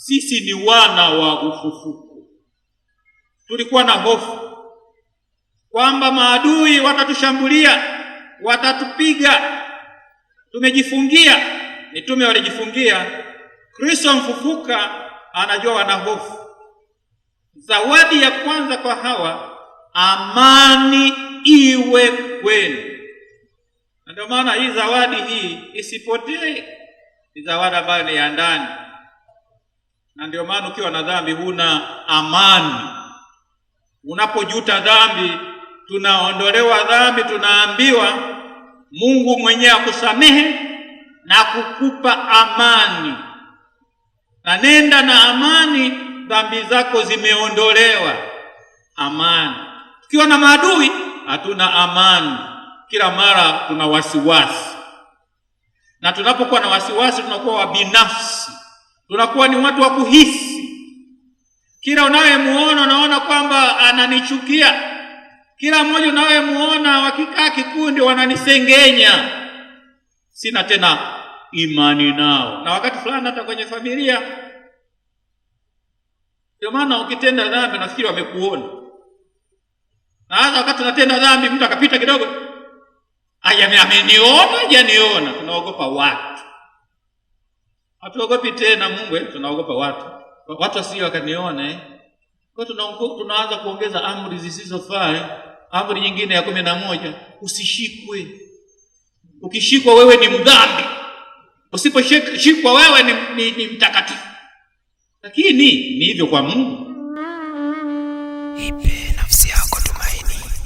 sisi ni wana wa ufufuko. Tulikuwa na hofu kwamba maadui watatushambulia, watatupiga. Tumejifungia, mitume walijifungia. Kristo mfufuka anajua wana hofu. Zawadi ya kwanza kwa hawa, amani iwe kwenu. Na ndio maana hii zawadi hii isipotee, ni zawadi ambayo ni ya ndani na ndio maana ukiwa na dhambi huna amani. Unapojuta dhambi, tunaondolewa dhambi, tunaambiwa Mungu mwenyewe akusamehe na kukupa amani, na nenda na amani, dhambi zako zimeondolewa. Amani. Tukiwa na maadui hatuna amani, kila mara tuna wasiwasi, na tunapokuwa na wasiwasi tunakuwa wabinafsi tunakuwa ni watu wa kuhisi. Kila unayemuona unaona kwamba ananichukia, kila mmoja unayemuona wakikaa kikundi wananisengenya, sina tena imani nao, na wakati fulani hata kwenye familia. Ndio maana ukitenda dhambi nafikiri wamekuona, na hata wakati unatenda dhambi mtu akapita kidogo, aya, ameniona, hajaniona, tunaogopa watu hatuogopi tena Mungu, tunaogopa watu, watu wasije wakanione. Kwa tunaanza kuongeza amri zisizofaa. Amri nyingine ya kumi na moja, usishikwe. Ukishikwa wewe ni mdhambi, usiposhikwa wewe ni, ni, ni mtakatifu. Lakini ni hivyo kwa Mungu.